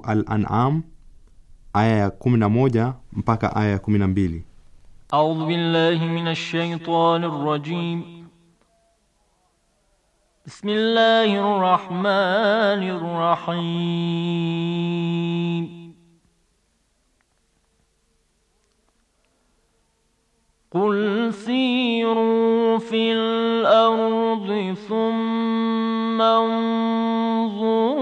Al-An'am aya ya 11 mpaka aya ya 12. A'udhu billahi minash shaitani rrajim. Bismillahir rahmanir rahim. قل سيروا في الأرض ثم انظروا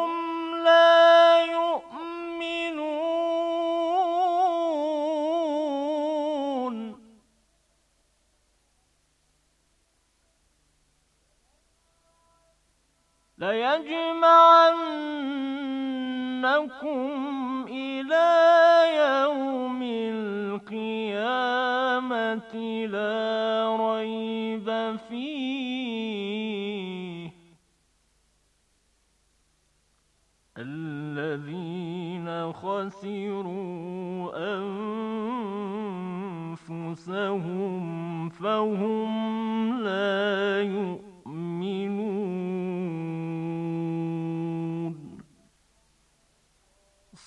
Hmm.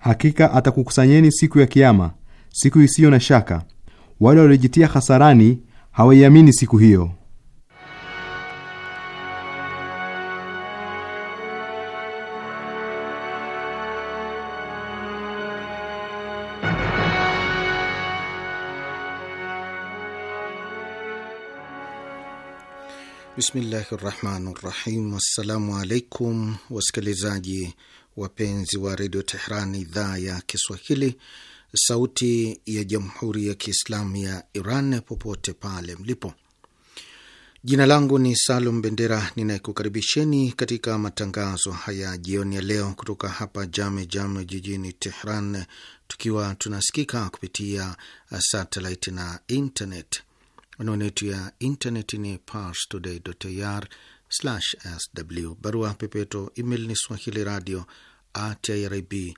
Hakika atakukusanyeni siku ya Kiama, siku isiyo na shaka. Wale waliojitia hasarani hawaiamini siku hiyo. Bismillahi rahmani rahim. Assalamu alaikum wasikilizaji wapenzi wa redio Tehran, idhaa ya Kiswahili, sauti ya jamhuri ya kiislamu ya Iran, popote pale mlipo. Jina langu ni Salum Bendera, ninayekukaribisheni katika matangazo haya jioni ya leo kutoka hapa Jame Jame jijini Tehran, tukiwa tunasikika kupitia satellite na internet. Anwani yetu ya internet ni parstoday.ir sw. Barua pepeto email ni swahili radio at irib ir.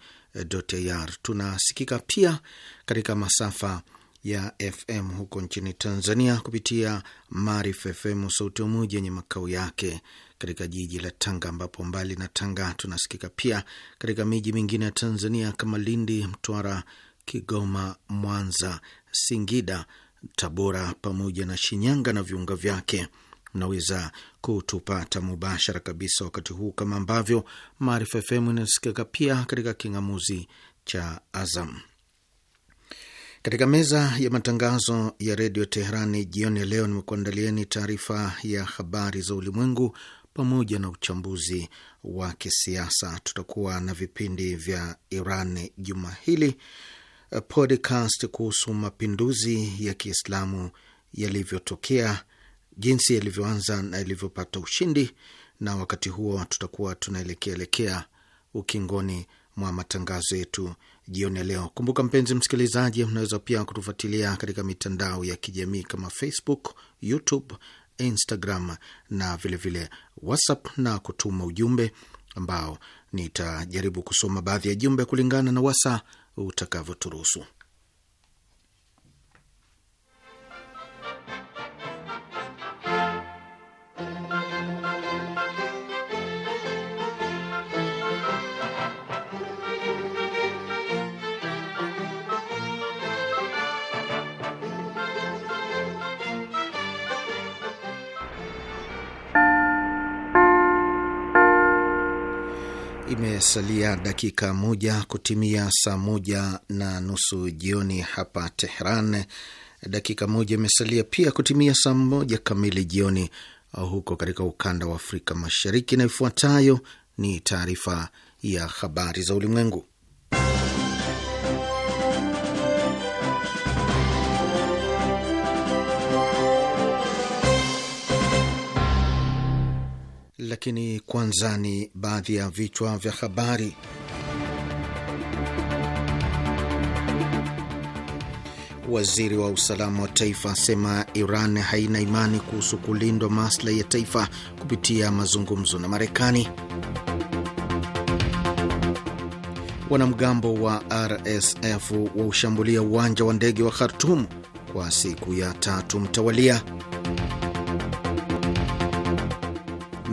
Tunasikika pia katika masafa ya FM huko nchini Tanzania kupitia Maarifa FM Sauti ya Umoja yenye makao yake katika jiji la Tanga, ambapo mbali na Tanga tunasikika pia katika miji mingine ya Tanzania kama Lindi, Mtwara, Kigoma, Mwanza, Singida, Tabora pamoja na Shinyanga na viunga vyake mnaweza kutupata mubashara kabisa wakati huu, kama ambavyo Maarifa FM inasikika pia katika king'amuzi cha Azam. Katika meza ya matangazo ya redio Teherani jioni ya leo, nimekuandalieni taarifa ya habari za ulimwengu pamoja na uchambuzi wa kisiasa. Tutakuwa na vipindi vya Iran juma hili, eh, podcast kuhusu mapinduzi ya Kiislamu yalivyotokea jinsi yalivyoanza na ilivyopata ushindi, na wakati huo tutakuwa tunaelekea elekea ukingoni mwa matangazo yetu jioni ya leo. Kumbuka mpenzi msikilizaji, unaweza pia kutufuatilia katika mitandao ya kijamii kama Facebook, YouTube, Instagram na vilevile vile WhatsApp na kutuma ujumbe ambao nitajaribu kusoma baadhi ya jumbe kulingana na wasa utakavyoturuhusu. Imesalia dakika moja kutimia saa moja na nusu jioni hapa Tehran. Dakika moja imesalia pia kutimia saa moja kamili jioni huko katika ukanda wa Afrika Mashariki, na ifuatayo ni taarifa ya habari za ulimwengu. lakini kwanza ni baadhi ya vichwa vya habari. Waziri wa usalama wa taifa asema Iran haina imani kuhusu kulindwa maslahi ya taifa kupitia mazungumzo na Marekani. Wanamgambo wa RSF waushambulia uwanja wa ndege wa Khartum kwa siku ya tatu mtawalia.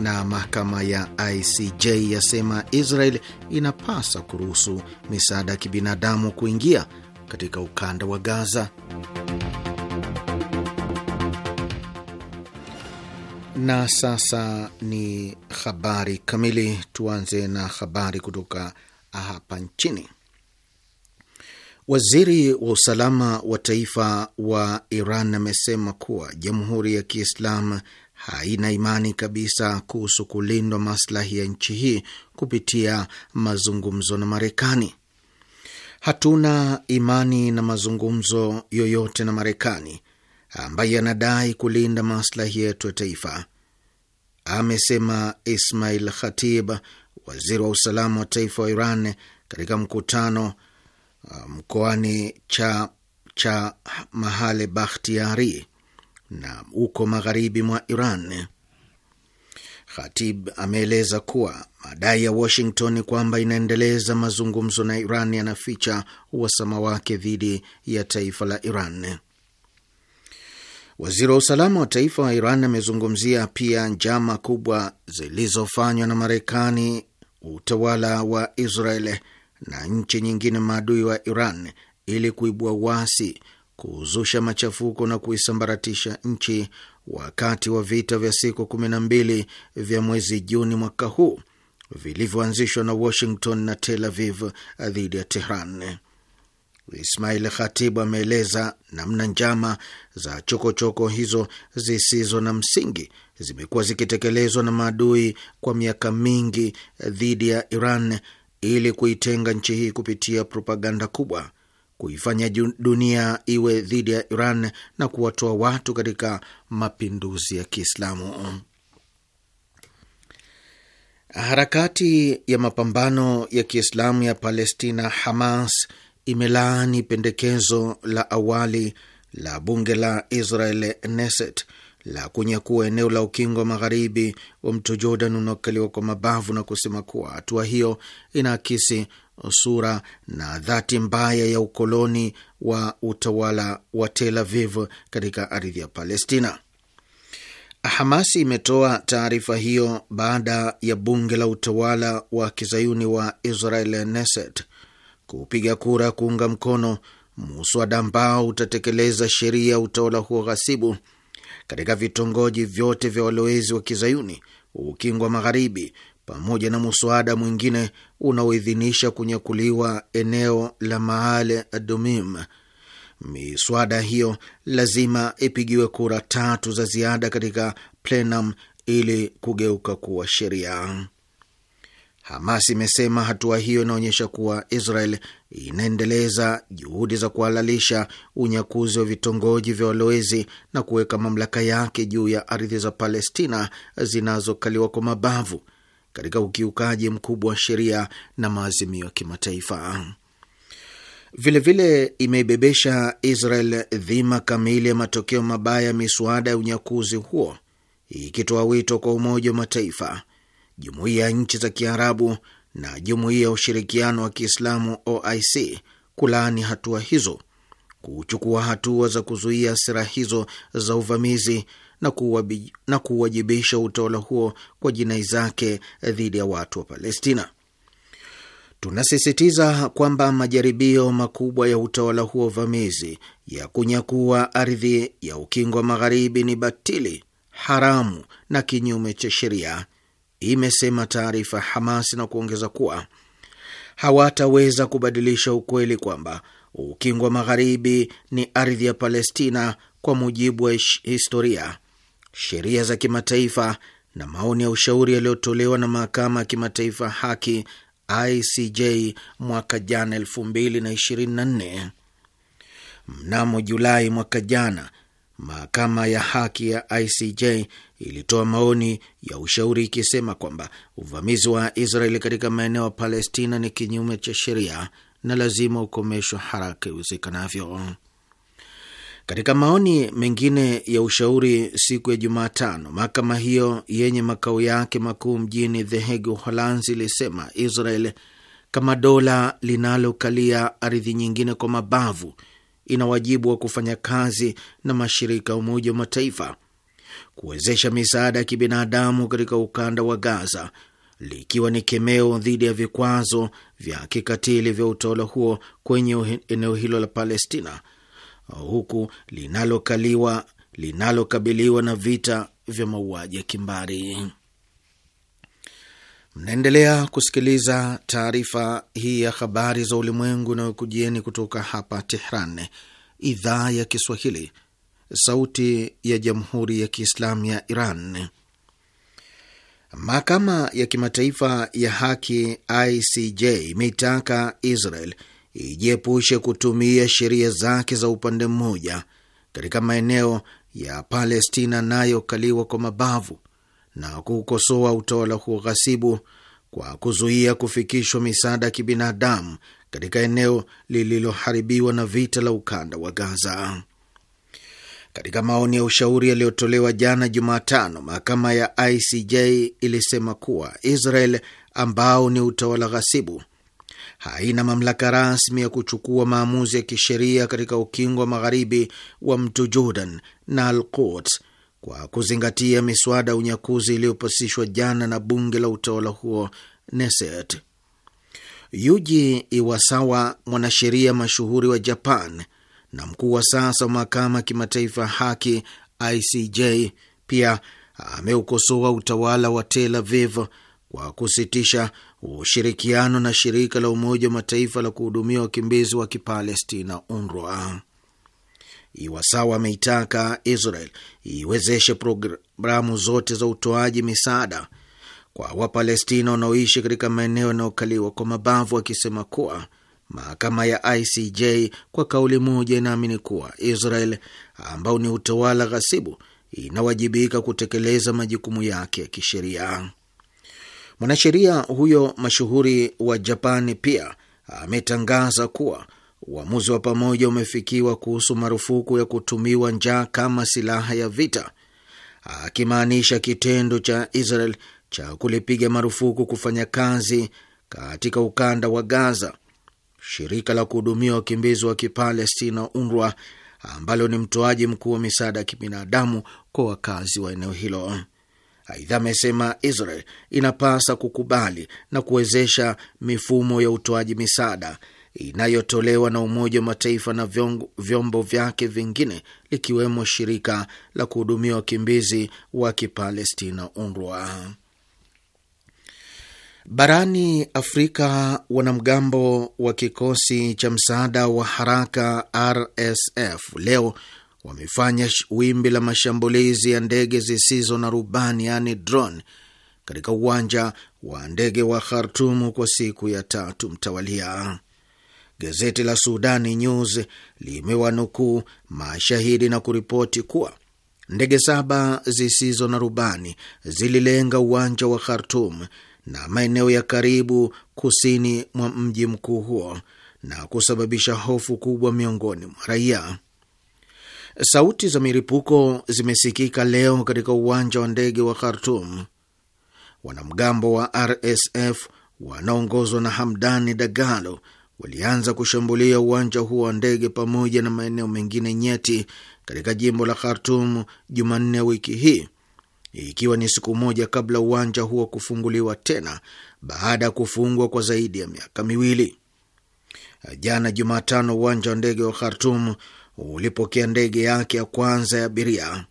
na mahakama ya ICJ yasema Israel inapasa kuruhusu misaada ya kibinadamu kuingia katika ukanda wa Gaza. Na sasa ni habari kamili. Tuanze na habari kutoka hapa nchini. Waziri wa usalama wa taifa wa Iran amesema kuwa Jamhuri ya Kiislamu haina imani kabisa kuhusu kulindwa maslahi ya nchi hii kupitia mazungumzo na Marekani. Hatuna imani na mazungumzo yoyote na Marekani ambaye anadai kulinda maslahi yetu ya taifa, amesema Ismail Khatib, waziri wa usalama wa taifa wa Iran, katika mkutano um, mkoani cha, cha mahale Bakhtiari na uko magharibi mwa Iran. Khatib ameeleza kuwa madai ya Washington kwamba inaendeleza mazungumzo na Iran yanaficha uhasama wake dhidi ya taifa la Iran. Waziri wa usalama wa taifa wa Iran amezungumzia pia njama kubwa zilizofanywa na Marekani, utawala wa Israel na nchi nyingine maadui wa Iran ili kuibua uasi kuzusha machafuko na kuisambaratisha nchi wakati wa vita vya siku kumi na mbili vya mwezi Juni mwaka huu vilivyoanzishwa na Washington na Tel Aviv dhidi ya Tehran. Ismail Khatibu ameeleza namna njama za chokochoko -choko hizo zisizo na msingi zimekuwa zikitekelezwa na maadui kwa miaka mingi dhidi ya Iran ili kuitenga nchi hii kupitia propaganda kubwa kuifanya dunia iwe dhidi ya Iran na kuwatoa watu katika mapinduzi ya Kiislamu. Harakati ya mapambano ya Kiislamu ya Palestina, Hamas, imelaani pendekezo la awali la bunge la Israel, Knesset, la kunyakua eneo la ukingo wa magharibi wa mto Jordan unaokaliwa kwa mabavu na kusema kuwa hatua hiyo inaakisi sura na dhati mbaya ya ukoloni wa utawala wa Tel Aviv katika ardhi ya Palestina. Hamasi imetoa taarifa hiyo baada ya bunge la utawala wa kizayuni wa Israel Knesset kupiga kura ya kuunga mkono muswada ambao utatekeleza sheria ya utawala huo ghasibu katika vitongoji vyote vya walowezi wa kizayuni, ukingo wa magharibi pamoja na muswada mwingine unaoidhinisha kunyakuliwa eneo la Maale Dumim. Miswada hiyo lazima ipigiwe kura tatu za ziada katika plenum ili kugeuka kuwa sheria. Hamas imesema hatua hiyo inaonyesha kuwa Israel inaendeleza juhudi za kuhalalisha unyakuzi wa vitongoji vya walowezi na kuweka mamlaka yake juu ya ardhi za Palestina zinazokaliwa kwa mabavu katika ukiukaji mkubwa wa sheria na maazimio ya kimataifa. Vilevile imeibebesha Israel dhima kamili ya matokeo mabaya ya miswada ya unyakuzi huo, ikitoa wito kwa Umoja wa Mataifa, Jumuiya ya Nchi za Kiarabu na Jumuiya ya Ushirikiano wa Kiislamu OIC kulaani hatua hizo, kuchukua hatua za kuzuia sera hizo za uvamizi na kuuwajibisha utawala huo kwa jinai zake dhidi ya watu wa Palestina. Tunasisitiza kwamba majaribio makubwa ya utawala huo vamizi ya kunyakua ardhi ya ukingo wa magharibi ni batili, haramu na kinyume cha sheria, imesema taarifa Hamas na kuongeza kuwa hawataweza kubadilisha ukweli kwamba ukingo wa magharibi ni ardhi ya Palestina kwa mujibu wa historia sheria za kimataifa na maoni ya ushauri yaliyotolewa na mahakama ya kimataifa haki ICJ mwaka jana 2024. Mnamo Julai mwaka jana, mahakama ya haki ya ICJ ilitoa maoni ya ushauri ikisema kwamba uvamizi wa Israeli katika maeneo ya Palestina ni kinyume cha sheria na lazima ukomeshwa haraka iwezekanavyo. Katika maoni mengine ya ushauri siku ya Jumatano, mahakama hiyo yenye makao yake makuu mjini The Hague, Uholanzi, ilisema Israel kama dola linalokalia ardhi nyingine kwa mabavu ina wajibu wa kufanya kazi na mashirika ya Umoja wa Mataifa kuwezesha misaada ya kibinadamu katika ukanda wa Gaza, likiwa ni kemeo dhidi ya vikwazo vya kikatili vya utawala huo kwenye eneo hilo la Palestina huku linalokaliwa linalokabiliwa na vita vya mauaji ya kimbari. Mnaendelea kusikiliza taarifa hii ya habari za ulimwengu inayokujieni kutoka hapa Tehran, idhaa ya Kiswahili, sauti ya jamhuri ya kiislamu ya Iran. Mahakama ya kimataifa ya haki ICJ imeitaka Israel ijiepushe kutumia sheria zake za upande mmoja katika maeneo ya Palestina nayokaliwa kwa mabavu na kukosoa utawala huo ghasibu kwa kuzuia kufikishwa misaada ya kibinadamu katika eneo lililoharibiwa na vita la ukanda wa Gaza. Katika maoni ya ushauri yaliyotolewa jana Jumatano, mahakama ya ICJ ilisema kuwa Israel ambao ni utawala ghasibu haina mamlaka rasmi ya kuchukua maamuzi ya kisheria katika ukingo wa magharibi wa mto Jordan na Al-Quds kwa kuzingatia miswada ya unyakuzi iliyopasishwa jana na bunge la utawala huo neset Yuji Iwasawa, mwanasheria mashuhuri wa Japan na mkuu wa sasa wa mahakama ya kimataifa haki ICJ, pia ameukosoa utawala wa Tel Aviv kwa kusitisha ushirikiano na shirika la Umoja wa Mataifa la kuhudumia wakimbizi wa Kipalestina, UNRWA. Iwasawa ameitaka Israel iwezeshe programu zote za utoaji misaada kwa Wapalestina wanaoishi katika maeneo yanayokaliwa kwa mabavu, akisema kuwa mahakama ya ICJ kwa kauli moja inaamini kuwa Israel ambao ni utawala ghasibu inawajibika kutekeleza majukumu yake ya kisheria. Mwanasheria huyo mashuhuri wa Japani pia ametangaza kuwa uamuzi wa pamoja umefikiwa kuhusu marufuku ya kutumiwa njaa kama silaha ya vita, akimaanisha kitendo cha Israel cha kulipiga marufuku kufanya kazi katika ukanda wa Gaza. Shirika la kuhudumia wakimbizi wa Kipalestina UNRWA ambalo ni mtoaji mkuu wa misaada ya kibinadamu kwa wakazi wa eneo hilo. Aidha amesema Israel inapasa kukubali na kuwezesha mifumo ya utoaji misaada inayotolewa na Umoja wa Mataifa na vyombo, vyombo vyake vingine likiwemo shirika la kuhudumia wakimbizi wa Kipalestina UNRWA. Barani Afrika, wanamgambo wa kikosi cha msaada wa haraka RSF leo wamefanya wimbi la mashambulizi ya ndege zisizo na rubani yaani drone katika uwanja wa ndege wa Khartum kwa siku ya tatu mtawalia. Gazeti la Sudani News limewanukuu mashahidi na kuripoti kuwa ndege saba zisizo na rubani zililenga uwanja wa Khartum na maeneo ya karibu kusini mwa mji mkuu huo na kusababisha hofu kubwa miongoni mwa raia. Sauti za milipuko zimesikika leo katika uwanja wa ndege wa Khartum. Wanamgambo wa RSF wanaongozwa na Hamdani Dagalo walianza kushambulia uwanja huo wa ndege pamoja na maeneo mengine nyeti katika jimbo la Khartum Jumanne wiki hii, ikiwa ni siku moja kabla uwanja huo kufunguliwa tena baada ya kufungwa kwa zaidi ya miaka miwili. Jana Jumatano, uwanja wa ndege wa Khartum ulipokea ndege yake ya kwanza ya abiria.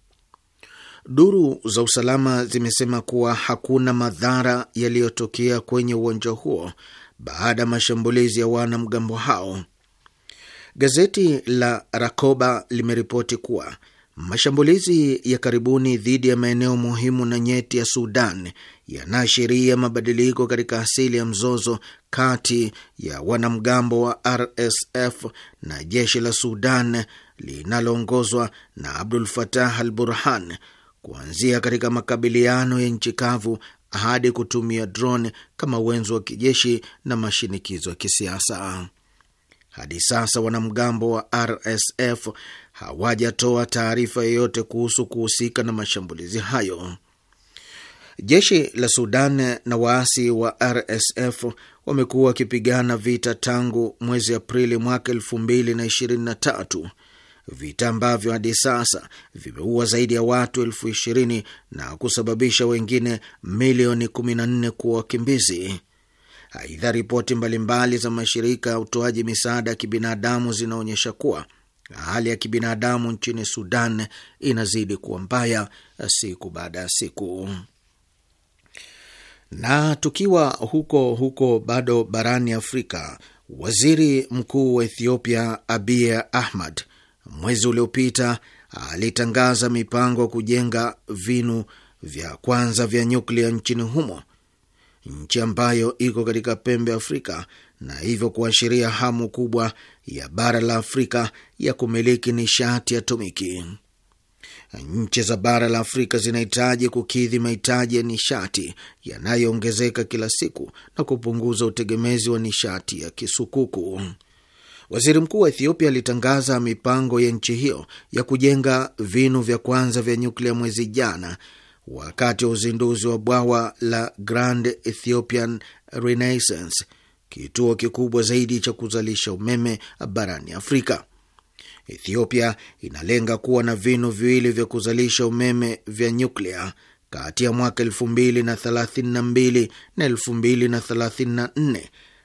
Duru za usalama zimesema kuwa hakuna madhara yaliyotokea kwenye uwanja huo baada ya mashambulizi ya wanamgambo hao. Gazeti la Rakoba limeripoti kuwa mashambulizi ya karibuni dhidi ya maeneo muhimu na nyeti ya Sudan yanaashiria mabadiliko katika asili ya mzozo kati ya wanamgambo wa RSF na jeshi la Sudan linaloongozwa na Abdul Fatah al Burhan, kuanzia katika makabiliano ya nchi kavu hadi kutumia drone kama wenzo wa kijeshi na mashinikizo ya kisiasa. Hadi sasa wanamgambo wa RSF hawajatoa taarifa yoyote kuhusu kuhusika na mashambulizi hayo. Jeshi la Sudan na waasi wa RSF wamekuwa wakipigana vita tangu mwezi Aprili mwaka elfu mbili na ishirini na tatu, vita ambavyo hadi sasa vimeua zaidi ya watu elfu ishirini na kusababisha wengine milioni nne kuwa wakimbizi. Aidha, ripoti mbalimbali za mashirika ya utoaji misaada ya kibinadamu zinaonyesha kuwa hali ya kibinadamu nchini Sudan inazidi kuwa mbaya siku baada ya siku. Na tukiwa huko huko bado barani Afrika, waziri mkuu wa Ethiopia Abiy Ahmed mwezi uliopita alitangaza mipango ya kujenga vinu vya kwanza vya nyuklia nchini humo, nchi ambayo iko katika pembe Afrika na hivyo kuashiria hamu kubwa ya bara la Afrika ya kumiliki nishati atomiki nchi za bara la Afrika zinahitaji kukidhi mahitaji ya nishati yanayoongezeka kila siku na kupunguza utegemezi wa nishati ya kisukuku. Waziri mkuu wa Ethiopia alitangaza mipango ya nchi hiyo ya kujenga vinu vya kwanza vya nyuklia mwezi jana wakati wa uzinduzi wa bwawa la Grand Ethiopian Renaissance, kituo kikubwa zaidi cha kuzalisha umeme barani Afrika. Ethiopia inalenga kuwa na vinu viwili vya kuzalisha umeme vya nyuklia kati ya mwaka 2032 na 2034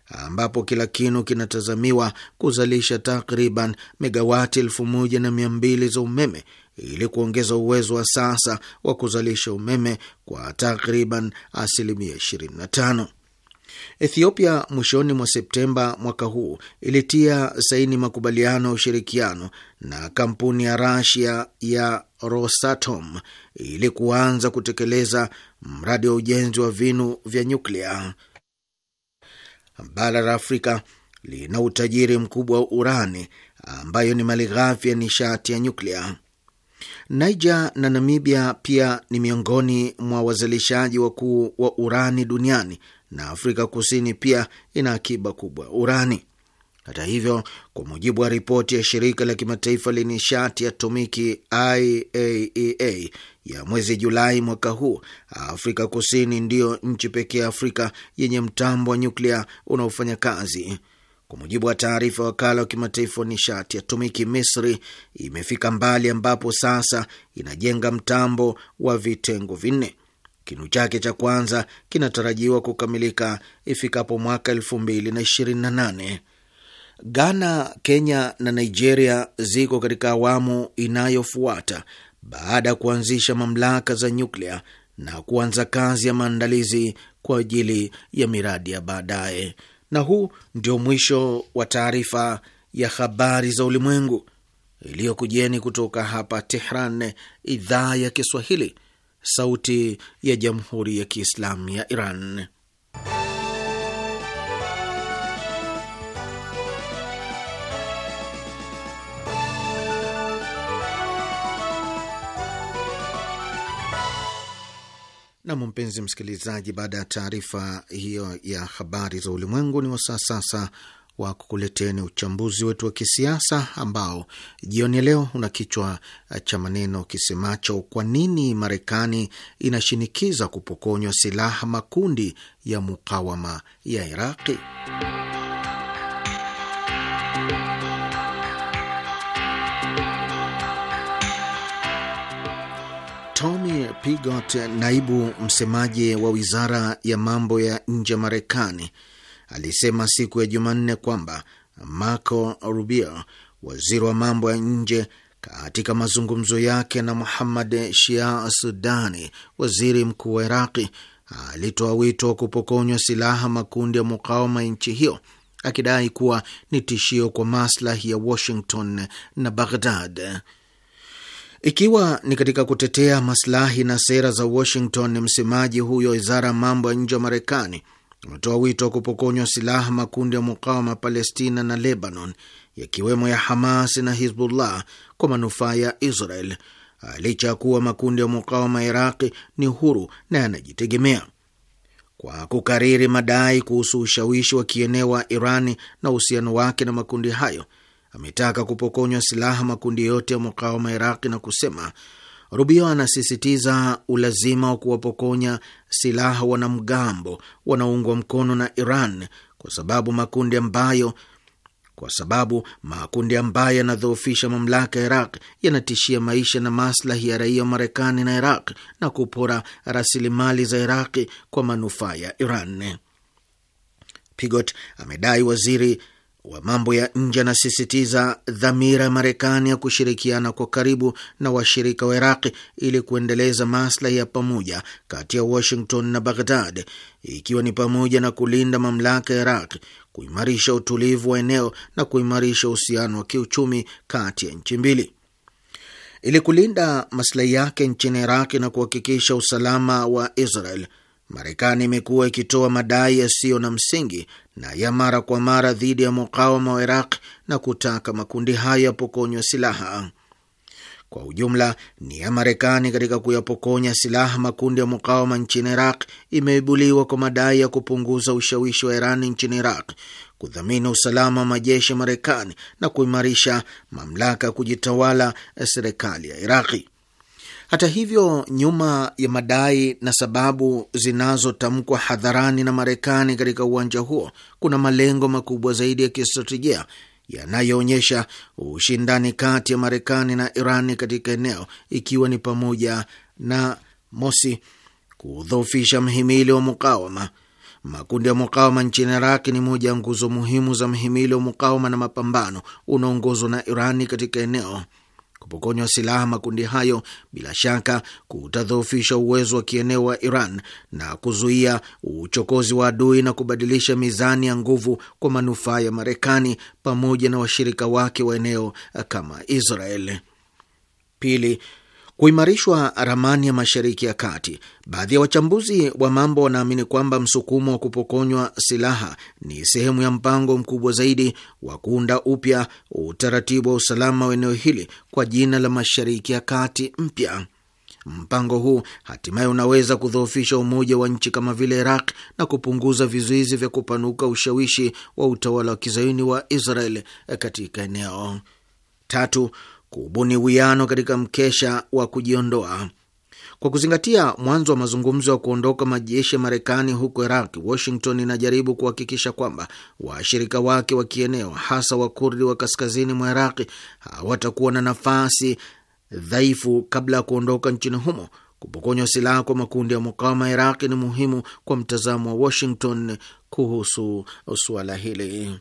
ambapo kila kinu kinatazamiwa kuzalisha takriban megawati 1200 za umeme ili kuongeza uwezo wa sasa wa kuzalisha umeme kwa takriban asilimia 25. Ethiopia mwishoni mwa Septemba mwaka huu ilitia saini makubaliano ya ushirikiano na kampuni ya Rasia ya Rosatom ili kuanza kutekeleza mradi wa ujenzi wa vinu vya nyuklia. Bara la Afrika lina utajiri mkubwa wa urani ambayo ni malighafi ya nishati ya nyuklia. Niger na Namibia pia ni miongoni mwa wazalishaji wakuu wa urani duniani na Afrika Kusini pia ina akiba kubwa urani. Hata hivyo, kwa mujibu wa ripoti ya shirika la kimataifa la nishati ya atomiki IAEA e ya mwezi Julai mwaka huu, Afrika Kusini ndiyo nchi pekee ya Afrika yenye mtambo wa nyuklia unaofanya kazi. Kwa mujibu wa taarifa ya wakala wa kimataifa wa nishati ya tumiki, Misri imefika mbali ambapo sasa inajenga mtambo wa vitengo vinne. Kinu chake cha kwanza kinatarajiwa kukamilika ifikapo mwaka elfu mbili na ishirini na nane. Ghana, Kenya na Nigeria ziko katika awamu inayofuata baada ya kuanzisha mamlaka za nyuklia na kuanza kazi ya maandalizi kwa ajili ya miradi ya baadaye. Na huu ndio mwisho wa taarifa ya habari za ulimwengu iliyokujeni kutoka hapa Tehran, idhaa ya Kiswahili, sauti ya jamhuri ya kiislamu ya Iran. Nam, mpenzi msikilizaji, baada ya taarifa hiyo ya habari za ulimwengu, ni wasaa sasa wa kukuleteni uchambuzi wetu wa kisiasa ambao jioni leo una kichwa cha maneno kisemacho kwa nini Marekani inashinikiza kupokonywa silaha makundi ya mukawama ya Iraqi. Pigot, naibu msemaji wa wizara ya mambo ya nje ya Marekani, alisema siku ya Jumanne kwamba Marco Rubio, waziri wa mambo ya nje, katika mazungumzo yake na Muhammad Shia Sudani, waziri mkuu wa Iraqi, alitoa wito wa kupokonywa silaha makundi ya mukawama ya nchi hiyo akidai kuwa ni tishio kwa maslahi ya Washington na Baghdad ikiwa ni katika kutetea maslahi na sera za Washington. Msemaji huyo wizara ya mambo ya nje wa Marekani ametoa wito wa kupokonywa silaha makundi ya mukawama Palestina na Lebanon, yakiwemo ya Hamas na Hizbullah kwa manufaa ya Israel, licha ya kuwa makundi ya mukawama ya Iraqi ni huru na yanajitegemea. Kwa kukariri madai kuhusu ushawishi wa kieneo wa Irani na uhusiano wake na makundi hayo ametaka kupokonywa silaha makundi yote ya mukawama Iraqi na kusema Rubio anasisitiza ulazima wa kuwapokonya silaha wanamgambo wanaoungwa mkono na Iran kwa sababu makundi ambayo kwa sababu makundi ambayo yanadhoofisha mamlaka ya Iraq yanatishia maisha na maslahi ya raia wa Marekani na Iraq na kupora rasilimali za Iraqi kwa manufaa ya Iran. Pigot amedai waziri wa mambo ya nje anasisitiza dhamira ya Marekani ya kushirikiana kwa karibu na washirika wa Iraqi ili kuendeleza maslahi ya pamoja kati ya Washington na Baghdad, ikiwa ni pamoja na kulinda mamlaka ya Iraqi, kuimarisha utulivu wa eneo na kuimarisha uhusiano wa kiuchumi kati ya nchi mbili. Ili kulinda maslahi yake nchini Iraqi na kuhakikisha usalama wa Israel, Marekani imekuwa ikitoa madai yasiyo na msingi na ya mara kwa mara dhidi ya mukawama wa Iraq na kutaka makundi hayo yapokonywa silaha. Kwa ujumla, ni ya Marekani katika kuyapokonya silaha makundi ya mukawama nchini Iraq imeibuliwa kwa madai ya kupunguza ushawishi wa Irani nchini Iraq, kudhamini usalama wa majeshi ya Marekani na kuimarisha mamlaka ya kujitawala serikali ya Iraqi. Hata hivyo, nyuma ya madai na sababu zinazotamkwa hadharani na Marekani katika uwanja huo kuna malengo makubwa zaidi ya kistratejia yanayoonyesha ushindani kati ya Marekani na Iran katika eneo, ikiwa ni pamoja na mosi, kudhoofisha mhimili wa mukawama. Makundi ya mukawama nchini Iraq ni moja ya nguzo muhimu za mhimili wa mukawama na mapambano unaongozwa na Irani katika eneo. Kupokonywa silaha makundi hayo bila shaka kutadhoofisha uwezo wa kieneo wa Iran na kuzuia uchokozi wa adui na kubadilisha mizani ya nguvu kwa manufaa ya Marekani pamoja na washirika wake wa eneo kama Israel. Pili, Kuimarishwa ramani ya Mashariki ya Kati. Baadhi ya wachambuzi wa mambo wanaamini kwamba msukumo wa kupokonywa silaha ni sehemu ya mpango mkubwa zaidi wa kuunda upya utaratibu wa usalama wa eneo hili kwa jina la Mashariki ya Kati mpya. Mpango huu hatimaye unaweza kudhoofisha umoja wa nchi kama vile Iraq na kupunguza vizuizi vya kupanuka ushawishi wa utawala wa kizayuni wa Israel katika eneo. Tatu, kubuni wiano katika mkesha wa kujiondoa. Kwa kuzingatia mwanzo wa mazungumzo ya kuondoka majeshi ya Marekani huko Iraq, Washington inajaribu kuhakikisha kwamba washirika wake wa kieneo, hasa Wakurdi wa kaskazini mwa Iraqi, hawatakuwa na nafasi dhaifu kabla ya kuondoka nchini humo. Kupokonywa silaha kwa makundi ya mukawama Iraqi ni muhimu kwa mtazamo wa Washington kuhusu suala hili.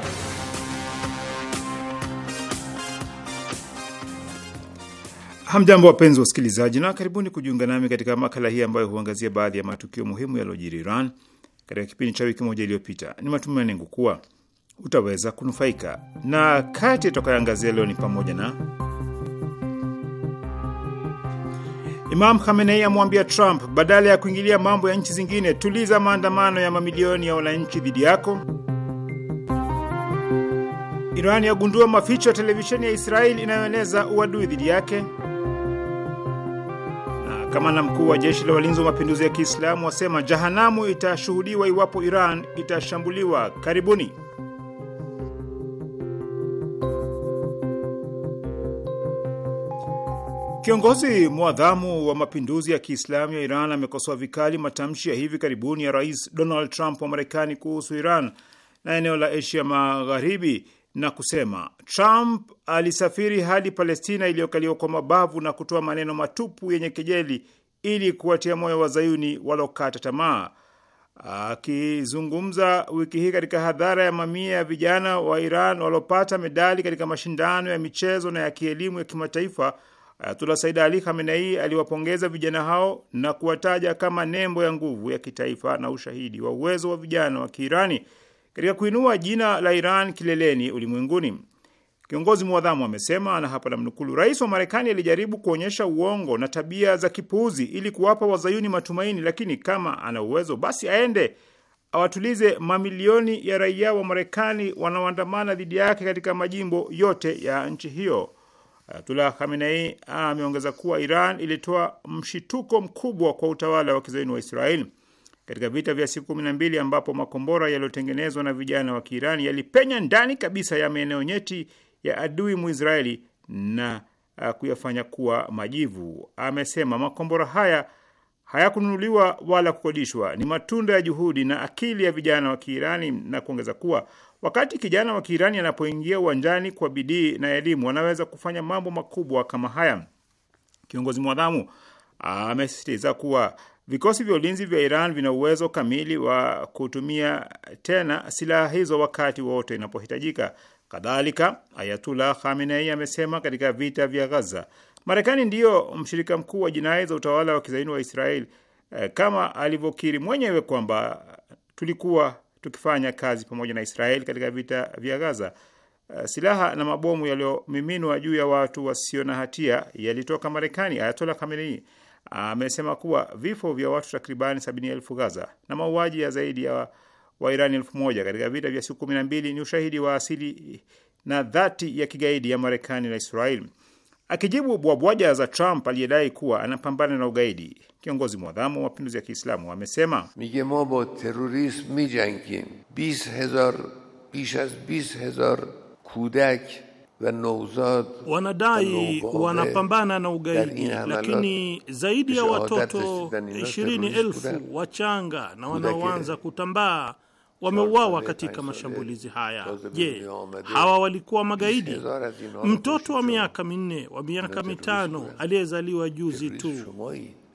Hamjambo, wapenzi wa usikilizaji, na karibuni kujiunga nami katika makala hii ambayo huangazia baadhi ya matukio muhimu yaliyojiri Iran katika kipindi cha wiki moja iliyopita. Ni matumaini yangu kuwa utaweza kunufaika na kati yatakayoangazia leo ni pamoja na Imam Khamenei amwambia Trump, badala ya kuingilia mambo ya nchi zingine, tuliza maandamano ya mamilioni ya wananchi dhidi yako. Iran yagundua maficho ya televisheni ya Israeli inayoeneza uadui dhidi yake. Kamanda mkuu wa jeshi la walinzi wa mapinduzi ya Kiislamu wasema jahanamu itashuhudiwa iwapo Iran itashambuliwa. Karibuni. Kiongozi mwadhamu wa mapinduzi ya Kiislamu ya Iran amekosoa vikali matamshi ya hivi karibuni ya Rais Donald Trump wa Marekani kuhusu Iran na eneo la Asia Magharibi na kusema Trump alisafiri hadi Palestina iliyokaliwa kwa mabavu na kutoa maneno matupu yenye kejeli ili kuwatia moyo wazayuni walokata tamaa. Akizungumza wiki hii katika hadhara ya mamia ya vijana wa Iran waliopata medali katika mashindano ya michezo na ya kielimu ya kimataifa, Ayatullah Said Ali Khamenei aliwapongeza vijana hao na kuwataja kama nembo ya nguvu ya kitaifa na ushahidi wa uwezo wa vijana wa Kiirani katika kuinua jina la Iran kileleni ulimwenguni. Kiongozi mwadhamu amesema, na hapa namnukulu, rais wa Marekani alijaribu kuonyesha uongo na tabia za kipuuzi ili kuwapa wazayuni matumaini, lakini kama ana uwezo basi aende awatulize mamilioni ya raia wa Marekani wanaoandamana dhidi yake katika majimbo yote ya nchi hiyo. Ayatullah Khamenei ameongeza kuwa Iran ilitoa mshituko mkubwa kwa utawala wa kizayuni wa Israeli katika vita vya siku kumi na mbili ambapo makombora yaliyotengenezwa na vijana wa Kiirani yalipenya ndani kabisa ya maeneo nyeti ya adui muisraeli na uh, kuyafanya kuwa majivu. Amesema makombora haya hayakununuliwa wala kukodishwa, ni matunda ya juhudi na akili ya vijana wa Kiirani, na kuongeza kuwa wakati kijana wa Kiirani anapoingia uwanjani kwa bidii na elimu, anaweza kufanya mambo makubwa kama haya. Kiongozi mwadhamu amesisitiza kuwa Vikosi vya ulinzi vya Iran vina uwezo kamili wa kutumia tena silaha hizo wakati wote inapohitajika. Kadhalika, Ayatullah Khamenei amesema katika vita vya Ghaza, Marekani ndiyo mshirika mkuu wa jinai za utawala wa kizaini wa Israel, eh, kama alivyokiri mwenyewe kwamba tulikuwa tukifanya kazi pamoja na Israel katika vita vya Gaza. Eh, silaha na mabomu yaliyomiminwa juu ya watu wasio na hatia yalitoka Marekani. Ayatollah Khamenei amesema kuwa vifo vya watu takribani sabini elfu Gaza na mauaji ya zaidi ya Wairani elfu moja katika vita vya siku kumi na mbili ni ushahidi wa asili na dhati ya kigaidi ya Marekani na Israeli. Akijibu bwabwaja za Trump aliyedai kuwa anapambana na ugaidi, kiongozi mwadhamu wa mapinduzi ya Kiislamu amesema mige ma ba terorism mijangim az kudak Wanadai wanapambana na ugaidi, lakini zaidi ya watoto ishirini elfu wachanga na wanaoanza kutambaa wameuawa katika mashambulizi haya. Je, hawa walikuwa magaidi? Mtoto wa miaka minne wa miaka mitano aliyezaliwa juzi tu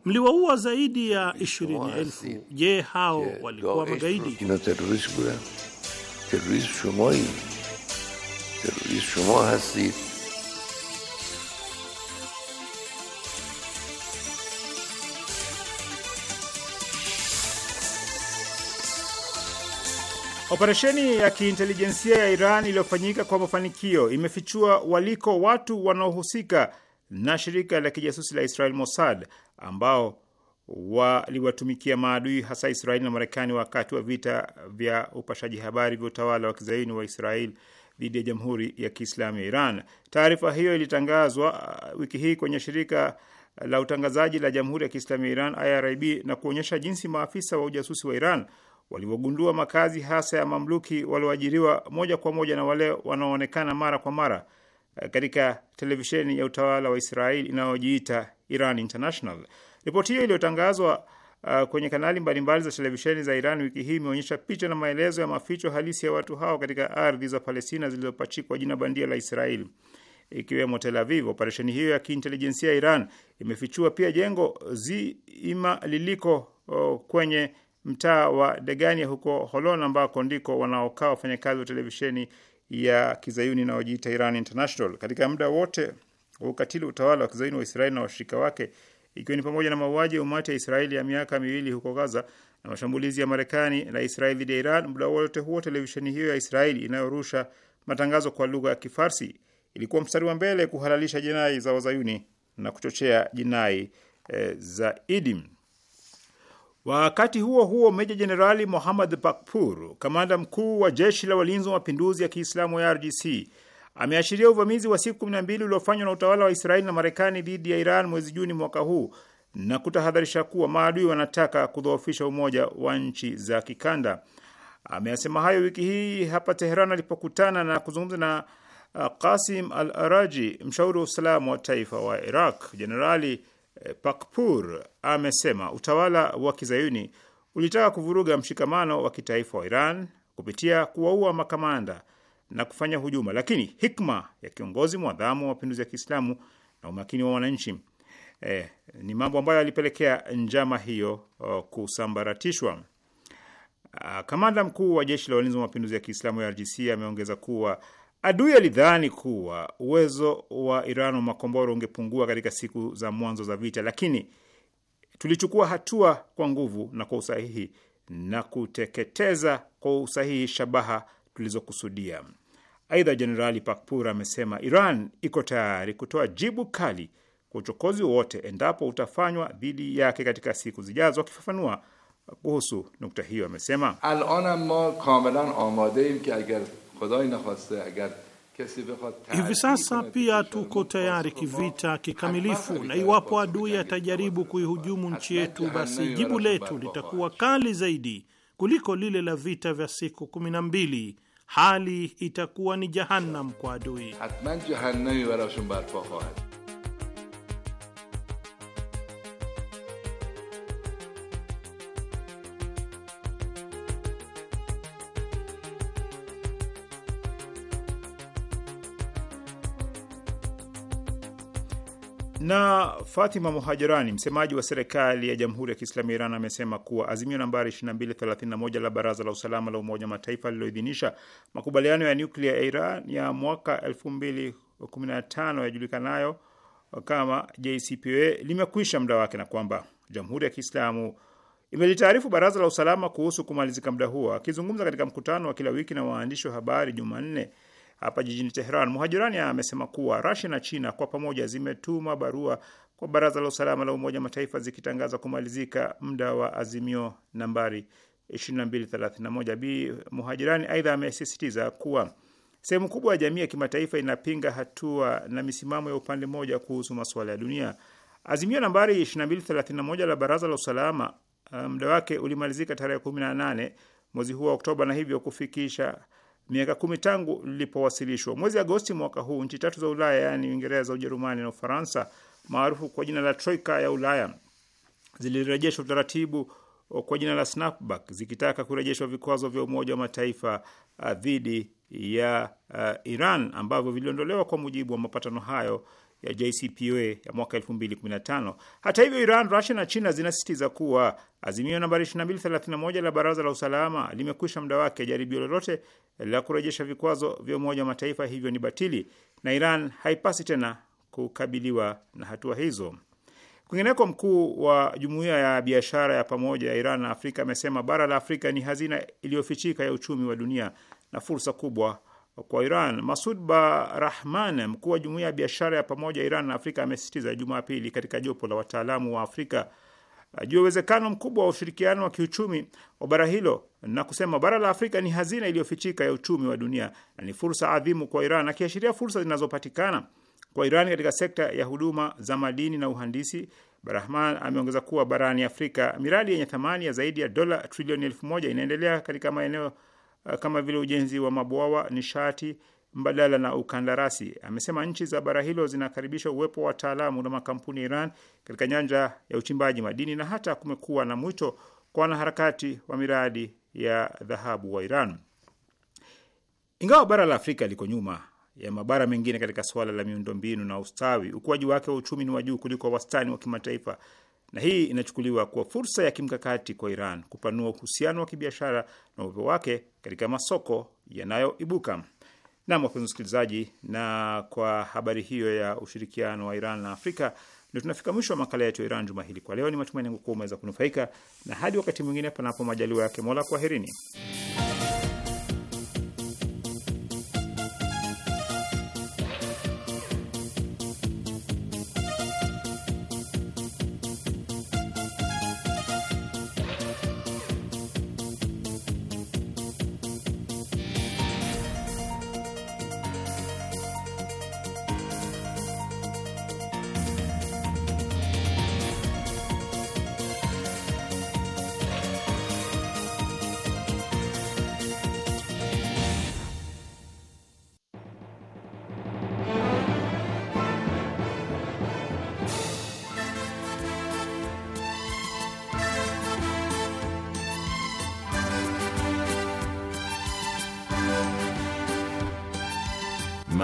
mliwaua zaidi ya ishirini elfu. Je, hao walikuwa magaidi? تروریست شما هستید Operesheni ya kiintelijensia ya Iran iliyofanyika kwa mafanikio imefichua waliko watu wanaohusika na shirika la kijasusi la Israel Mossad ambao waliwatumikia maadui hasa Israeli na Marekani wakati wa vita vya upashaji habari vya utawala wa kizaini wa Israeli dhidi ya Jamhuri ya Kiislamu ya Iran. Taarifa hiyo ilitangazwa uh, wiki hii kwenye shirika la utangazaji la Jamhuri ya Kiislamu ya Iran IRIB na kuonyesha jinsi maafisa wa ujasusi wa Iran walivyogundua makazi hasa ya mamluki walioajiriwa moja kwa moja na wale wanaoonekana mara kwa mara uh, katika televisheni ya utawala wa israel inayojiita Iran International. Ripoti hiyo iliyotangazwa uh, kwenye kanali mbalimbali za televisheni za Iran wiki hii imeonyesha picha na maelezo ya maficho halisi ya watu hao katika ardhi za Palestina zilizopachikwa jina bandia la Israel ikiwemo Tel Aviv. Operesheni hiyo ya kiintelijensia ya Iran imefichua pia jengo zima liliko kwenye mtaa wa Degania huko Holon ambako ndiko wanaokaa wafanyakazi wa televisheni ya kizayuni inayojiita Iran International. Katika muda wote wa ukatili utawala wa kizayuni wa Israeli na washirika wake ikiwa ni pamoja na mauaji ya umati ya Israeli ya miaka miwili huko Gaza na mashambulizi ya Marekani na Israeli dhidi ya Iran. Muda wote huo, televisheni hiyo ya Israeli inayorusha matangazo kwa lugha ya Kifarsi ilikuwa mstari wa mbele kuhalalisha jinai za wazayuni na kuchochea jinai e, eh, idim. Wakati huo huo, Meja Jenerali Mohammad Bakpur, kamanda mkuu wa jeshi la walinzi wa mapinduzi ya Kiislamu ya RGC ameashiria uvamizi wa siku 12 uliofanywa na utawala wa Israeli na Marekani dhidi ya Iran mwezi Juni mwaka huu na kutahadharisha kuwa maadui wanataka kudhoofisha umoja wa nchi za kikanda. Ameyasema hayo wiki hii hapa Teheran alipokutana na kuzungumza na uh, Qasim Al-Araji, mshauri wa usalama wa taifa wa Iraq. Jenerali eh, Pakpur amesema utawala wa kizayuni ulitaka kuvuruga mshikamano wa kitaifa wa Iran kupitia kuwaua makamanda na kufanya hujuma, lakini hikma ya kiongozi mwadhamu wa mapinduzi ya Kiislamu na umakini wa wananchi eh, ni mambo ambayo yalipelekea njama hiyo oh, kusambaratishwa. Ah, kamanda mkuu wa jeshi la walinzi wa mapinduzi ya Kiislamu ya RGC ameongeza kuwa adui alidhani kuwa uwezo wa Iran wa makombora ungepungua katika siku za mwanzo za vita, lakini tulichukua hatua kwa nguvu na kwa usahihi na kuteketeza kwa usahihi shabaha tulizokusudia. Aidha, Jenerali Pakpur amesema Iran iko tayari kutoa jibu kali kwa uchokozi wowote endapo utafanywa dhidi yake katika siku zijazo. Akifafanua kuhusu nukta hiyo, amesema hivi sasa pia tuko tayari kivita kikamilifu, na iwapo adui atajaribu kuihujumu nchi yetu, basi jibu letu litakuwa kali zaidi kuliko lile la vita vya siku kumi na mbili hali itakuwa ni jahannam kwa adui. Na Fatima Muhajirani, msemaji wa serikali ya Jamhuri ya Kiislamu ya Iran, amesema kuwa azimio nambari 2231 la Baraza la Usalama la Umoja wa Mataifa lililoidhinisha makubaliano ya nyuklia ya Iran ya mwaka 2015 yajulikanayo kama JCPOA limekwisha muda wake na kwamba Jamhuri ya Kiislamu imelitaarifu Baraza la Usalama kuhusu kumalizika muda huo. Akizungumza katika mkutano wa kila wiki na waandishi wa habari Jumanne, hapa jijini Teheran. Muhajirani amesema kuwa Rasia na China kwa pamoja zimetuma barua kwa Baraza la Usalama la Umoja Mataifa zikitangaza kumalizika muda wa azimio nambari 2231. Bi Muhajirani aidha amesisitiza kuwa sehemu kubwa ya jamii ya kimataifa inapinga hatua na misimamo ya upande mmoja kuhusu masuala ya dunia. Azimio nambari 2231 la Baraza la Usalama eh, muda um, wake ulimalizika tarehe 18 mwezi huu wa Oktoba na hivyo kufikisha miaka kumi tangu lilipowasilishwa. Mwezi Agosti mwaka huu nchi tatu za Ulaya yaani Uingereza, Ujerumani na Ufaransa maarufu kwa jina la Troika ya Ulaya zilirejesha utaratibu kwa jina la snapback zikitaka kurejeshwa vikwazo vya Umoja wa Mataifa uh, dhidi ya uh, Iran ambavyo viliondolewa kwa mujibu wa mapatano hayo ya JCPOA ya mwaka 2015. Hata hivyo, Iran, Rusia na China zinasisitiza kuwa azimio nambari 2231 la Baraza la Usalama limekwisha muda wake. Jaribio lolote la kurejesha vikwazo vya Umoja wa Mataifa hivyo ni batili na Iran haipasi tena kukabiliwa na hatua hizo. Kwingineko, mkuu wa Jumuiya ya Biashara ya Pamoja ya Iran na Afrika amesema bara la Afrika ni hazina iliyofichika ya uchumi wa dunia na fursa kubwa kwa Iran. Masud Barahman, mkuu wa jumuiya ya biashara ya pamoja Iran na Afrika, amesisitiza Jumapili katika jopo la wataalamu wa Afrika uh, juu ya uwezekano mkubwa wa ushirikiano wa kiuchumi wa bara hilo na kusema bara la Afrika ni hazina iliyofichika ya uchumi wa dunia na ni fursa adhimu kwa Iran, akiashiria fursa zinazopatikana kwa Iran katika sekta ya huduma za madini na uhandisi. Barahman ameongeza kuwa barani Afrika miradi yenye thamani ya zaidi ya dola trilioni elfu moja inaendelea katika maeneo Eh, kama vile ujenzi wa mabwawa, nishati mbadala na ukandarasi. Amesema nchi za bara hilo zinakaribisha uwepo wa wataalamu na makampuni ya Iran katika nyanja ya uchimbaji madini na hata kumekuwa na mwito kwa wanaharakati wa miradi ya dhahabu wa Iran. Ingawa bara la Afrika liko nyuma ya mabara mengine katika suala la miundombinu na ustawi, ukuaji wake wa uchumi ni wa juu kuliko wastani wa kimataifa na hii inachukuliwa kuwa fursa ya kimkakati kwa Iran kupanua uhusiano wa kibiashara na uwepo wake katika masoko yanayoibuka. Nam, wapenzi wasikilizaji, na kwa habari hiyo ya ushirikiano wa Iran na Afrika ndio tunafika mwisho wa makala yetu ya Iran juma hili. Kwa leo, ni matumaini yangu kuwa umeweza kunufaika, na hadi wakati mwingine, panapo majaliwa yake Mola, kwaherini.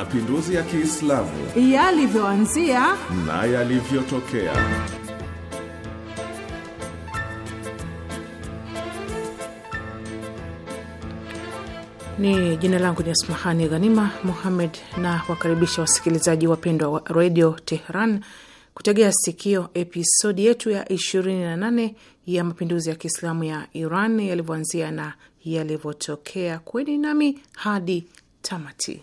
mapinduzi ya Kiislamu yalivyoanzia na yalivyotokea. Ni jina langu ni Asmahani Ghanima Muhammed, na wakaribisha wasikilizaji wapendwa wa redio Tehran kutegea sikio episodi yetu ya 28 ya mapinduzi ya Kiislamu ya Iran yalivyoanzia na yalivyotokea. Kweni nami hadi tamati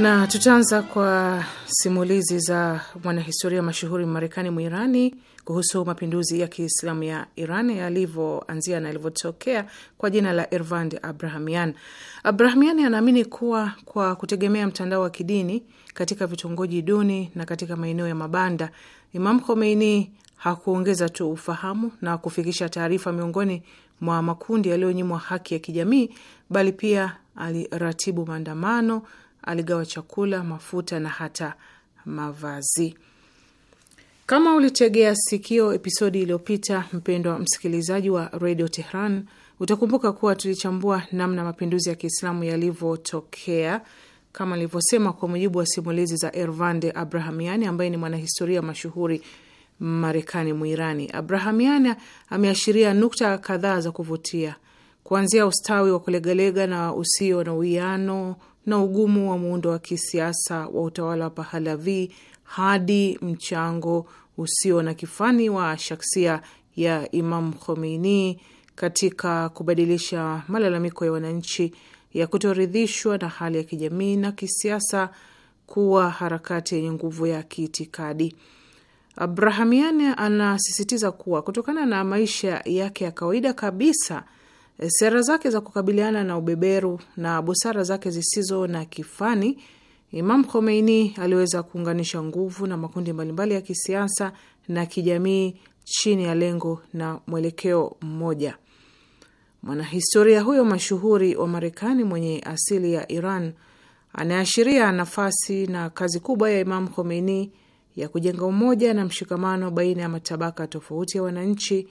na tutaanza kwa simulizi za mwanahistoria mashuhuri Marekani Mwirani kuhusu mapinduzi ya Kiislamu ya Iran yalivyoanzia na yalivyotokea kwa jina la Ervand Abrahamian. Abrahamian anaamini kuwa kwa kutegemea mtandao wa kidini katika vitongoji duni na katika maeneo ya mabanda, Imam Khomeini hakuongeza tu ufahamu na kufikisha taarifa miongoni mwa makundi yaliyonyimwa haki ya kijamii, bali pia aliratibu maandamano aligawa chakula, mafuta na hata mavazi. Kama ulitegea sikio episodi iliyopita, mpendwa msikilizaji wa Radio Tehran, utakumbuka kuwa tulichambua namna mapinduzi ya Kiislamu yalivyotokea kama nilivyosema, kwa mujibu wa simulizi za Ervande Abrahamiani ambaye ni mwanahistoria mashuhuri Marekani Mwirani. Abrahamiani ameashiria nukta kadhaa za kuvutia, kuanzia ustawi wa kulegalega na usio na uwiano na ugumu wa muundo wa kisiasa wa utawala wa Pahalavi hadi mchango usio na kifani wa shaksia ya Imam Khomeini katika kubadilisha malalamiko ya wananchi ya kutoridhishwa na hali ya kijamii na kisiasa kuwa harakati yenye nguvu ya kiitikadi. Abrahamian anasisitiza kuwa kutokana na maisha yake ya kawaida kabisa Eh, sera zake za kukabiliana na ubeberu na busara zake zisizo na kifani, Imam Khomeini aliweza kuunganisha nguvu na makundi mbalimbali ya kisiasa na kijamii chini ya lengo na mwelekeo mmoja. Mwanahistoria huyo mashuhuri wa Marekani mwenye asili ya Iran anaashiria nafasi na kazi kubwa ya Imam Khomeini ya kujenga umoja na mshikamano baina ya matabaka tofauti ya wananchi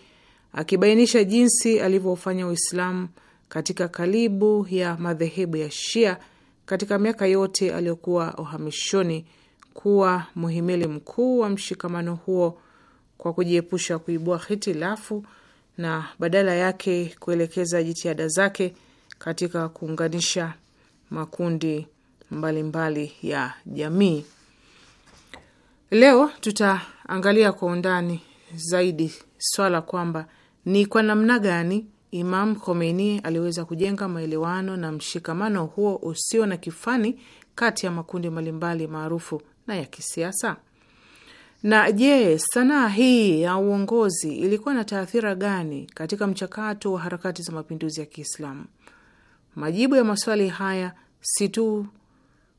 akibainisha jinsi alivyofanya Uislamu katika kalibu ya madhehebu ya Shia katika miaka yote aliyokuwa uhamishoni kuwa muhimili mkuu wa mshikamano huo kwa kujiepusha kuibua hitilafu na badala yake kuelekeza jitihada zake katika kuunganisha makundi mbalimbali mbali ya jamii. Leo tutaangalia kwa undani zaidi swala kwamba ni kwa namna gani Imam Khomeini aliweza kujenga maelewano na mshikamano huo usio na kifani kati ya makundi mbalimbali maarufu na ya kisiasa? Na je, sanaa hii ya uongozi ilikuwa na taathira gani katika mchakato wa harakati za mapinduzi ya Kiislamu? Majibu ya maswali haya si tu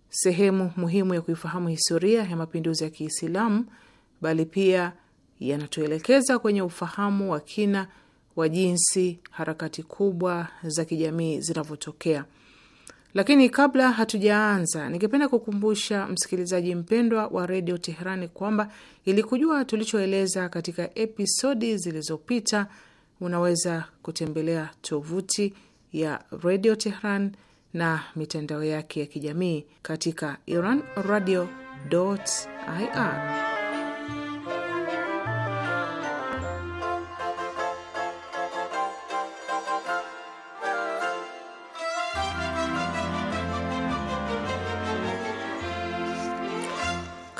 sehemu muhimu ya kuifahamu historia ya mapinduzi ya Kiislamu bali pia yanatuelekeza kwenye ufahamu wa kina wa jinsi harakati kubwa za kijamii zinavyotokea. Lakini kabla hatujaanza, ningependa kukumbusha msikilizaji mpendwa wa redio Teherani kwamba ili kujua tulichoeleza katika episodi zilizopita, unaweza kutembelea tovuti ya redio Teheran na mitandao yake ya kijamii katika Iran radio ir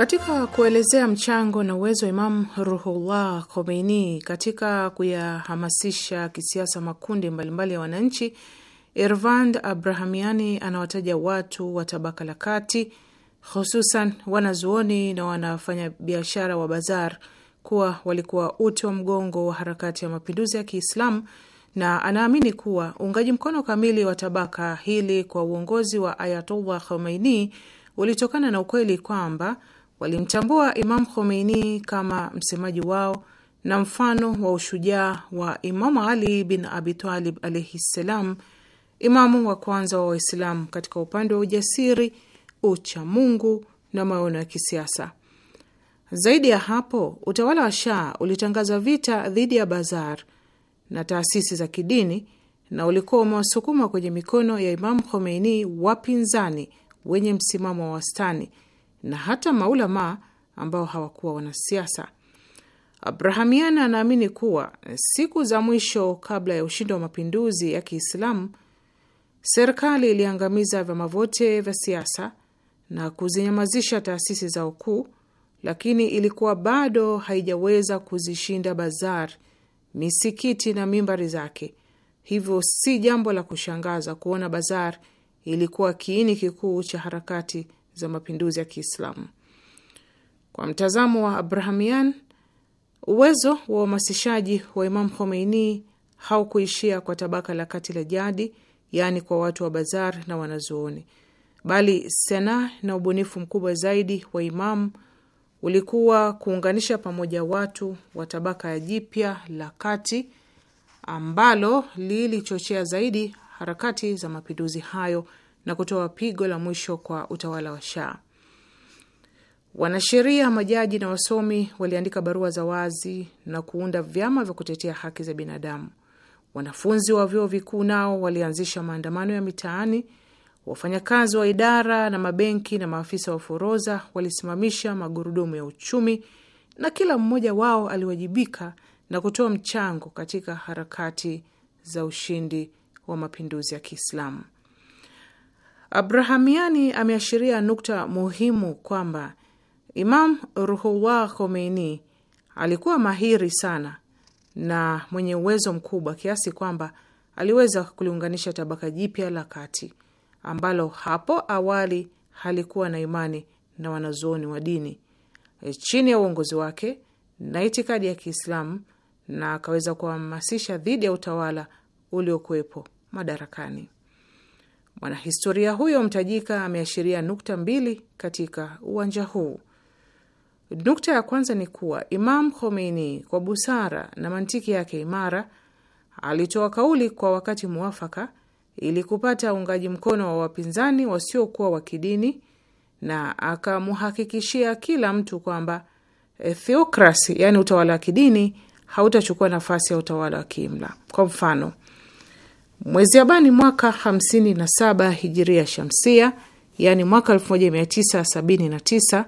Katika kuelezea mchango na uwezo wa Imam Ruhullah Khomeini katika kuyahamasisha kisiasa makundi mbalimbali mbali ya wananchi, Ervand Abrahamiani anawataja watu wa tabaka la kati, hususan wanazuoni na wanafanya biashara wa bazar kuwa walikuwa uti wa mgongo wa harakati ya mapinduzi ya Kiislamu, na anaamini kuwa uungaji mkono kamili wa tabaka hili kwa uongozi wa Ayatullah Khomeini ulitokana na ukweli kwamba walimtambua Imam Khomeini kama msemaji wao na mfano wa ushujaa wa Imamu Ali bin Abitalib alaihi ssalam, imamu wa kwanza wa Waislamu, katika upande wa ujasiri, uchamungu na maono ya kisiasa. Zaidi ya hapo, utawala wa Shah ulitangaza vita dhidi ya bazar na taasisi za kidini na ulikuwa umewasukuma kwenye mikono ya Imamu Khomeini wapinzani wenye msimamo wa wastani na hata maulama ambao hawakuwa wanasiasa. Abrahamian anaamini kuwa siku za mwisho kabla ya ushindi wa mapinduzi ya Kiislamu, serikali iliangamiza vyama vyote vya siasa na kuzinyamazisha taasisi za ukuu, lakini ilikuwa bado haijaweza kuzishinda bazar, misikiti na mimbari zake. Hivyo si jambo la kushangaza kuona bazar ilikuwa kiini kikuu cha harakati za mapinduzi ya Kiislamu. Kwa mtazamo wa Abrahamian, uwezo wa uhamasishaji wa Imam Khomeini haukuishia kwa tabaka la kati la jadi, yaani kwa watu wa bazar na wanazuoni, bali sena na ubunifu mkubwa zaidi wa Imam ulikuwa kuunganisha pamoja watu wa tabaka ya jipya la kati ambalo lilichochea zaidi harakati za mapinduzi hayo na kutoa pigo la mwisho kwa utawala wa Shah. Wanasheria, majaji na wasomi waliandika barua za wazi na kuunda vyama vya kutetea haki za binadamu. Wanafunzi wa vyuo vikuu nao walianzisha maandamano ya mitaani. Wafanyakazi wa idara na mabenki na maafisa wa forodha walisimamisha magurudumu ya uchumi, na kila mmoja wao aliwajibika na kutoa mchango katika harakati za ushindi wa mapinduzi ya Kiislamu. Abrahamiani ameashiria nukta muhimu kwamba Imam Ruhullah Khomeini alikuwa mahiri sana na mwenye uwezo mkubwa kiasi kwamba aliweza kuliunganisha tabaka jipya la kati ambalo hapo awali halikuwa na imani na wanazuoni wa dini e, chini ya uongozi wake na itikadi ya Kiislamu, na akaweza kuhamasisha dhidi ya utawala uliokuwepo madarakani. Mwanahistoria huyo mtajika ameashiria nukta mbili katika uwanja huu. Nukta ya kwanza ni kuwa Imam Khomeini kwa busara na mantiki yake imara alitoa kauli kwa wakati mwafaka ili kupata uungaji mkono wa wapinzani wasiokuwa wa kidini, na akamuhakikishia kila mtu kwamba theokrasi, yani utawala wa kidini, hautachukua nafasi ya utawala wa kiimla. Kwa mfano, Mwezi Abani mwaka 57 hijiria shamsia, yaani mwaka 1979,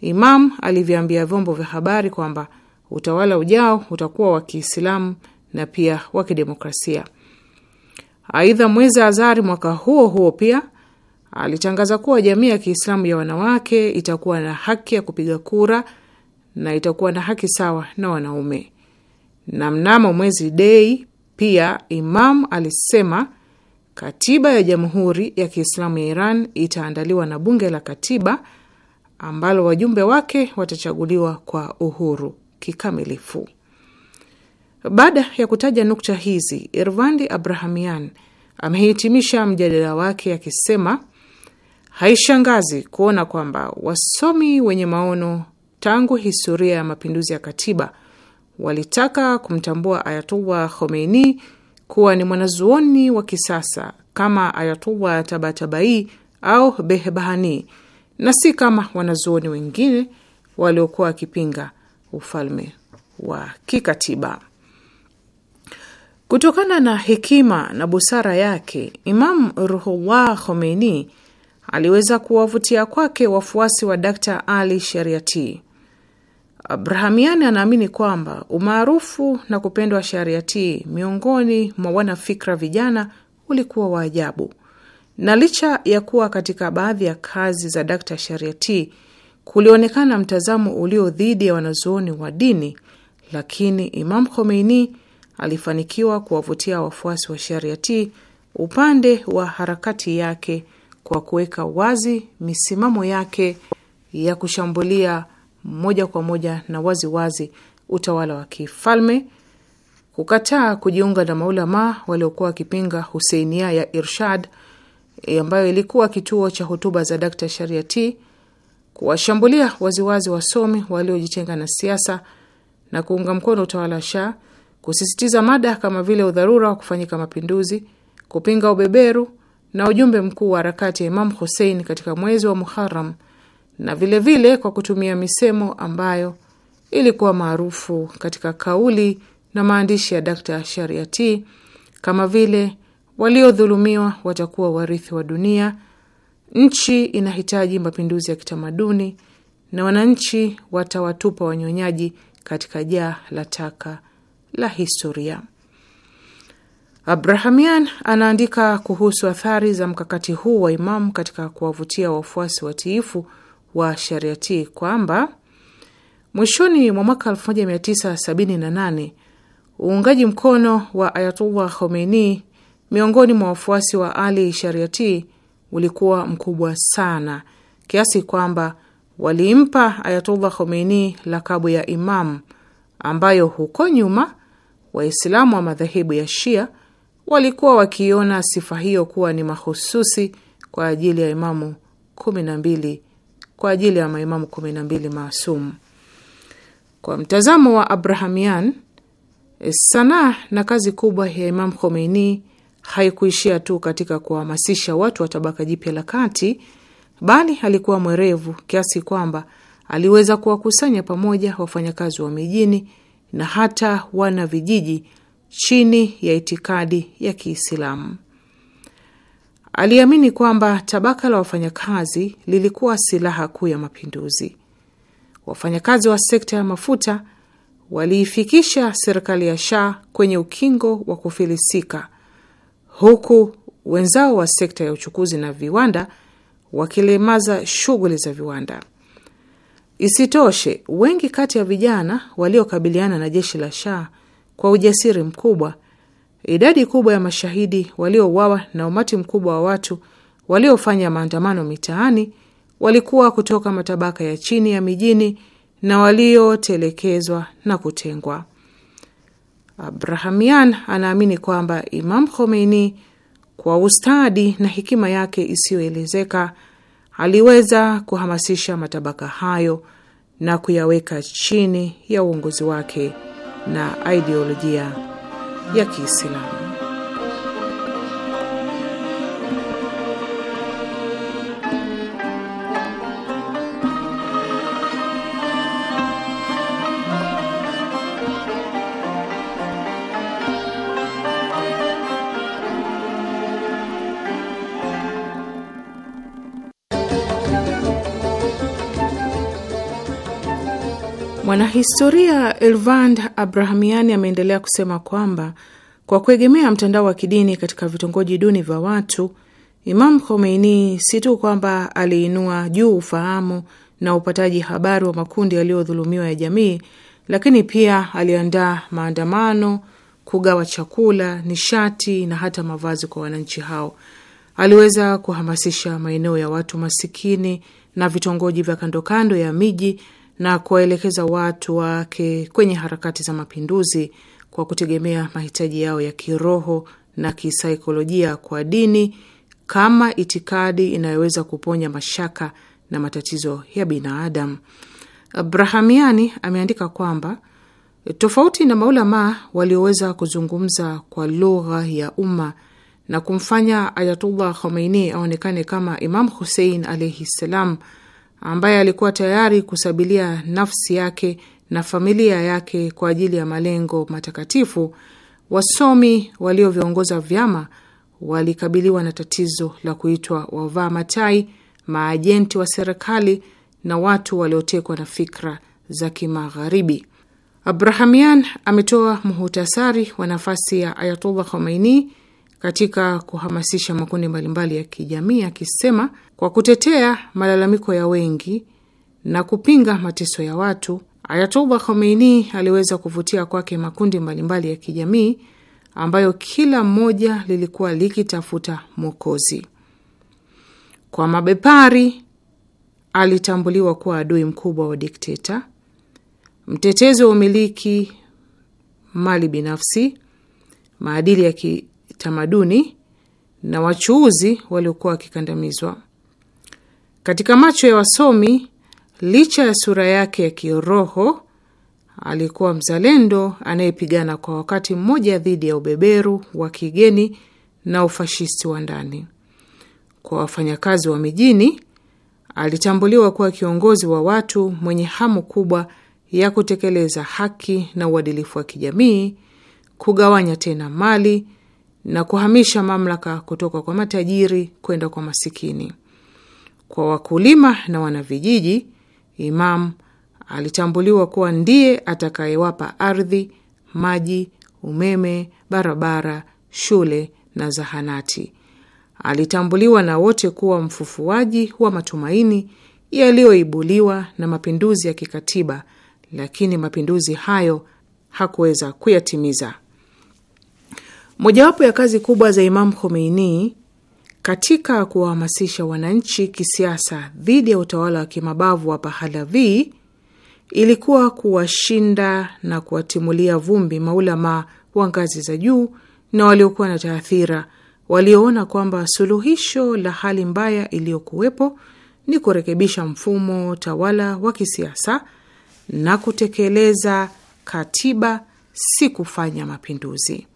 Imam alivyoambia vyombo vya habari kwamba utawala ujao utakuwa wa Kiislamu na pia wa kidemokrasia. Aidha, mwezi Azari mwaka huo huo pia alitangaza kuwa jamii ya Kiislamu ya wanawake itakuwa na haki ya kupiga kura na itakuwa na haki sawa na wanaume. Na mnamo mwezi Dei pia Imam alisema katiba ya Jamhuri ya Kiislamu ya Iran itaandaliwa na bunge la katiba ambalo wajumbe wake watachaguliwa kwa uhuru kikamilifu. Baada ya kutaja nukta hizi, Irvandi Abrahamian amehitimisha mjadala wake akisema, haishangazi kuona kwamba wasomi wenye maono tangu historia ya mapinduzi ya katiba walitaka kumtambua Ayatullah Khomeini kuwa ni mwanazuoni wa kisasa kama Ayatullah Tabatabai au Behbahani na si kama wanazuoni wengine waliokuwa wakipinga ufalme wa kikatiba. Kutokana na hekima na busara yake, Imam Ruhullah Khomeini aliweza kuwavutia kwake wafuasi wa Dr Ali Shariati Brahamiani anaamini kwamba umaarufu na kupendwa shariati miongoni mwa wanafikra vijana ulikuwa wa ajabu, na licha ya kuwa katika baadhi ya kazi za Dkt. Shariati kulionekana mtazamo ulio dhidi ya wanazuoni wa dini, lakini Imam Khomeini alifanikiwa kuwavutia wafuasi wa Shariati upande wa harakati yake kwa kuweka wazi misimamo yake ya kushambulia moja kwa moja na waziwazi wazi utawala wa kifalme, kukataa kujiunga na maulama waliokuwa wakipinga Huseinia ya Irshad e, ambayo ilikuwa kituo cha hotuba za Dkt. Shariati, kuwashambulia waziwazi wasomi waliojitenga na siasa na kuunga mkono utawala wa Shah, kusisitiza mada kama vile udharura wa kufanyika mapinduzi, kupinga ubeberu na ujumbe mkuu wa harakati ya Imam Husein katika mwezi wa Muharram na vilevile vile kwa kutumia misemo ambayo ilikuwa maarufu katika kauli na maandishi ya Dkt. Shariati kama vile waliodhulumiwa watakuwa warithi wa dunia, nchi inahitaji mapinduzi ya kitamaduni, na wananchi watawatupa wanyonyaji katika jaa la taka la historia. Abrahamian anaandika kuhusu athari za mkakati huu wa Imamu katika kuwavutia wafuasi watiifu wa Shariati kwamba mwishoni mwa mwaka 1978 uungaji mkono wa Ayatullah Khomeini miongoni mwa wafuasi wa Ali Shariati ulikuwa mkubwa sana kiasi kwamba walimpa Ayatullah Khomeini lakabu ya Imam ambayo huko nyuma Waislamu wa madhehebu ya Shia walikuwa wakiona sifa hiyo kuwa ni mahususi kwa ajili ya imamu kumi na mbili kwa ajili ya maimamu kumi na mbili maasumu. Kwa mtazamo wa Abrahamian, eh, sanaa na kazi kubwa ya Imam Khomeini haikuishia tu katika kuwahamasisha watu wa tabaka jipya la kati, bali alikuwa mwerevu kiasi kwamba aliweza kuwakusanya pamoja wafanyakazi wa mijini na hata wana vijiji chini ya itikadi ya Kiislamu. Aliamini kwamba tabaka la wafanyakazi lilikuwa silaha kuu ya mapinduzi. Wafanyakazi wa sekta ya mafuta waliifikisha serikali ya Shah kwenye ukingo wa kufilisika, huku wenzao wa sekta ya uchukuzi na viwanda wakilemaza shughuli za viwanda. Isitoshe, wengi kati ya vijana waliokabiliana na jeshi la Shah kwa ujasiri mkubwa idadi kubwa ya mashahidi waliouawa na umati mkubwa wa watu waliofanya maandamano mitaani walikuwa kutoka matabaka ya chini ya mijini na waliotelekezwa na kutengwa. Abrahamian anaamini kwamba Imam Khomeini kwa ustadi na hekima yake isiyoelezeka aliweza kuhamasisha matabaka hayo na kuyaweka chini ya uongozi wake na ideolojia ya Kiislamu. Mwanahistoria Elvand Abrahamiani ameendelea kusema kwamba kwa kuegemea mtandao wa kidini katika vitongoji duni vya watu, Imam Khomeini si tu kwamba aliinua juu ufahamu na upataji habari wa makundi yaliyodhulumiwa ya jamii, lakini pia aliandaa maandamano, kugawa chakula, nishati na hata mavazi kwa wananchi hao. Aliweza kuhamasisha maeneo ya watu masikini na vitongoji vya kandokando ya miji na kuwaelekeza watu wake kwenye harakati za mapinduzi kwa kutegemea mahitaji yao ya kiroho na kisaikolojia kwa dini kama itikadi inayoweza kuponya mashaka na matatizo ya binadamu. Brahamiani ameandika kwamba tofauti na maulamaa walioweza kuzungumza kwa lugha ya umma na kumfanya Ayatullah Khomeini aonekane kama Imam Hussein alaihi ssalam ambaye alikuwa tayari kusabilia nafsi yake na familia yake kwa ajili ya malengo matakatifu, wasomi walioviongoza vyama walikabiliwa na tatizo la kuitwa wavaa matai, maajenti wa serikali na watu waliotekwa na fikra za Kimagharibi. Abrahamian ametoa muhutasari wa nafasi ya Ayatullah Khomeini katika kuhamasisha makundi mbalimbali ya kijamii akisema, kwa kutetea malalamiko ya wengi na kupinga mateso ya watu, Ayatollah Khomeini aliweza kuvutia kwake makundi mbalimbali ya kijamii ambayo kila mmoja lilikuwa likitafuta mwokozi. Kwa mabepari alitambuliwa kuwa adui mkubwa wa dikteta, mtetezi wa umiliki mali binafsi, maadili ya ki kitamaduni na wachuuzi waliokuwa wakikandamizwa katika macho ya wasomi. Licha ya sura yake ya kiroho, alikuwa mzalendo anayepigana kwa wakati mmoja dhidi ya ubeberu wa kigeni na ufashisti wa ndani. Kwa wafanyakazi wa mijini, alitambuliwa kuwa kiongozi wa watu mwenye hamu kubwa ya kutekeleza haki na uadilifu wa kijamii, kugawanya tena mali na kuhamisha mamlaka kutoka kwa matajiri kwenda kwa masikini. Kwa wakulima na wanavijiji, Imam alitambuliwa kuwa ndiye atakayewapa ardhi, maji, umeme, barabara, shule na zahanati. Alitambuliwa na wote kuwa mfufuaji wa matumaini yaliyoibuliwa na mapinduzi ya kikatiba, lakini mapinduzi hayo hakuweza kuyatimiza. Mojawapo ya kazi kubwa za Imam Khomeini katika kuwahamasisha wananchi kisiasa dhidi ya utawala wa kimabavu wa Pahalavi ilikuwa kuwashinda na kuwatimulia vumbi maulama wa ngazi za juu na waliokuwa na taathira walioona kwamba suluhisho la hali mbaya iliyokuwepo ni kurekebisha mfumo tawala wa kisiasa na kutekeleza katiba, si kufanya mapinduzi.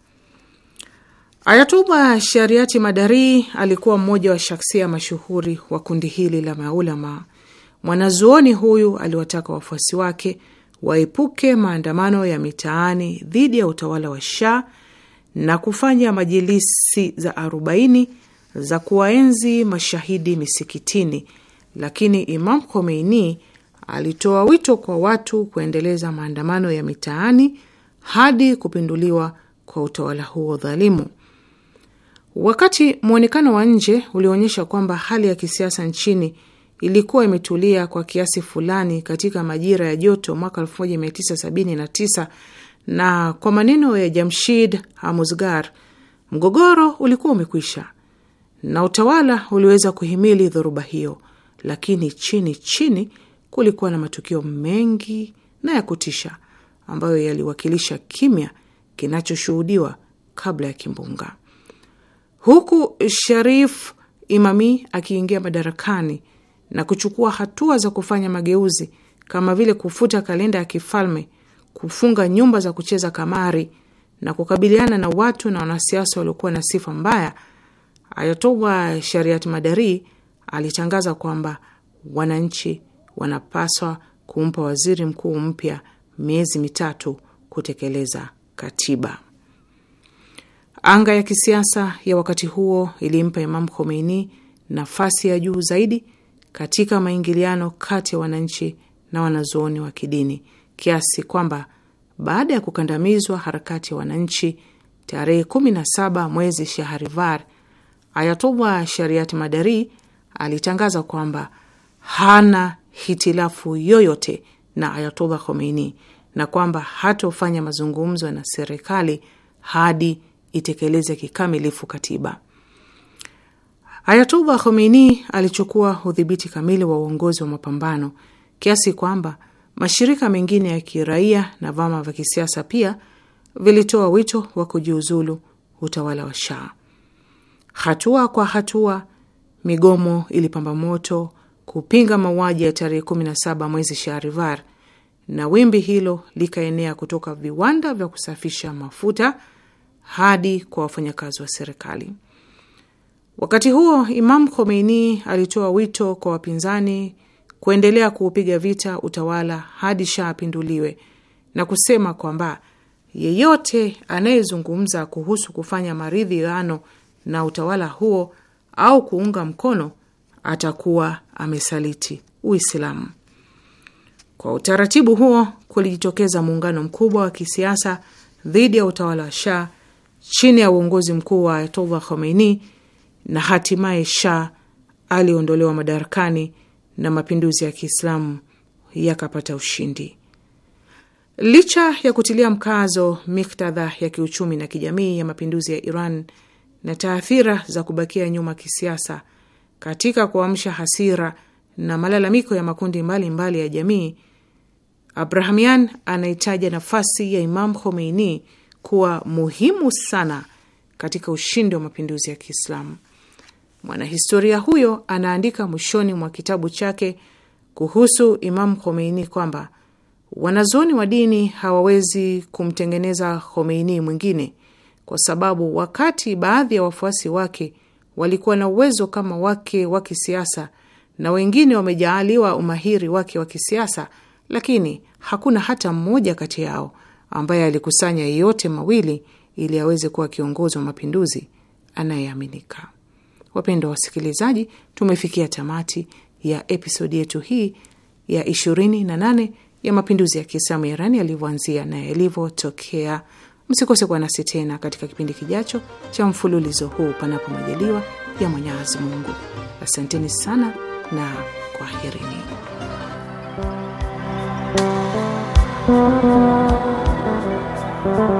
Ayatuba Shariati Madari alikuwa mmoja wa shaksia mashuhuri wa kundi hili la maulama. Mwanazuoni huyu aliwataka wafuasi wake waepuke maandamano ya mitaani dhidi ya utawala wa Shah na kufanya majilisi za arobaini za kuwaenzi mashahidi misikitini, lakini Imam Khomeini alitoa wito kwa watu kuendeleza maandamano ya mitaani hadi kupinduliwa kwa utawala huo dhalimu. Wakati mwonekano wa nje ulionyesha kwamba hali ya kisiasa nchini ilikuwa imetulia kwa kiasi fulani katika majira ya joto mwaka 1979 na kwa maneno ya Jamshid Amuzgar, mgogoro ulikuwa umekwisha na utawala uliweza kuhimili dhoruba hiyo, lakini chini chini kulikuwa na matukio mengi na ya kutisha ambayo yaliwakilisha kimya kinachoshuhudiwa kabla ya kimbunga. Huku Sharif Imami akiingia madarakani na kuchukua hatua za kufanya mageuzi kama vile kufuta kalenda ya kifalme, kufunga nyumba za kucheza kamari na kukabiliana na watu na wanasiasa waliokuwa na sifa mbaya, Ayatollah Shariat Madari alitangaza kwamba wananchi wanapaswa kumpa waziri mkuu mpya miezi mitatu kutekeleza katiba. Anga ya kisiasa ya wakati huo ilimpa Imam Khomeini nafasi ya juu zaidi katika maingiliano kati ya wananchi na wanazuoni wa kidini, kiasi kwamba baada ya kukandamizwa harakati ya wananchi tarehe 17 mwezi Shahrivar, Ayatullah Shariat Madari alitangaza kwamba hana hitilafu yoyote na Ayatullah Khomeini na kwamba hatofanya mazungumzo na serikali hadi itekeleze kikamilifu katiba. Ayatullah Khomeini alichukua udhibiti kamili wa uongozi wa mapambano kiasi kwamba mashirika mengine ya kiraia na vyama vya kisiasa pia vilitoa wito wa kujiuzulu utawala wa Shah. Hatua kwa hatua, migomo ilipamba moto kupinga mauaji ya tarehe 17 mwezi Shahrivar, na wimbi hilo likaenea kutoka viwanda vya kusafisha mafuta hadi kwa wafanyakazi wa serikali. Wakati huo, Imam Khomeini alitoa wito kwa wapinzani kuendelea kuupiga vita utawala hadi Shah apinduliwe na kusema kwamba yeyote anayezungumza kuhusu kufanya maridhiano na utawala huo au kuunga mkono atakuwa amesaliti Uislamu. Kwa utaratibu huo, kulijitokeza muungano mkubwa wa kisiasa dhidi ya utawala wa Shah chini ya uongozi mkuu wa Ayatollah Khomeini na hatimaye Shah aliondolewa madarakani na mapinduzi ya Kiislamu yakapata ushindi. Licha ya kutilia mkazo miktadha ya kiuchumi na kijamii ya mapinduzi ya Iran na taathira za kubakia nyuma kisiasa katika kuamsha hasira na malalamiko ya makundi mbalimbali mbali ya jamii, Abrahamian anaitaja nafasi ya Imam Khomeini kuwa muhimu sana katika ushindi wa mapinduzi ya Kiislamu. Mwanahistoria huyo anaandika mwishoni mwa kitabu chake kuhusu Imamu Khomeini kwamba wanazuoni wa dini hawawezi kumtengeneza Khomeini mwingine, kwa sababu wakati baadhi ya wafuasi wake walikuwa na uwezo kama wake wa kisiasa na wengine wamejaaliwa umahiri wake wa kisiasa, lakini hakuna hata mmoja kati yao ambaye alikusanya yote mawili ili aweze kuwa kiongozi wa mapinduzi anayeaminika. Wapendwa wasikilizaji, tumefikia tamati ya episodi yetu hii ya 28 ya mapinduzi ya Kiislamu ya Irani yalivyoanzia na yalivyotokea. Msikose kuwa nasi tena katika kipindi kijacho cha mfululizo huu, panapo majaliwa ya Mwenyezi Mungu. Asanteni sana na kwaherini. Mm-hmm.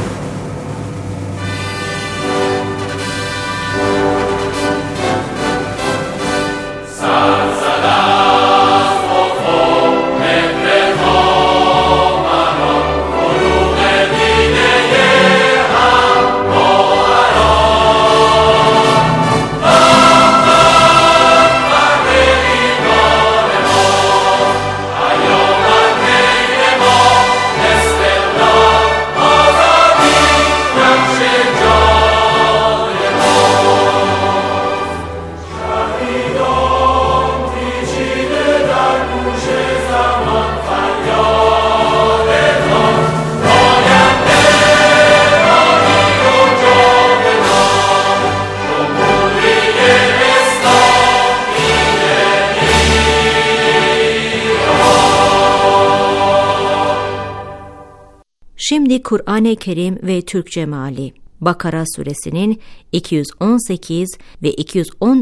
Kur'an-ı Kerim ve Türkçe Meali. Bakara suresinin 218 ve 219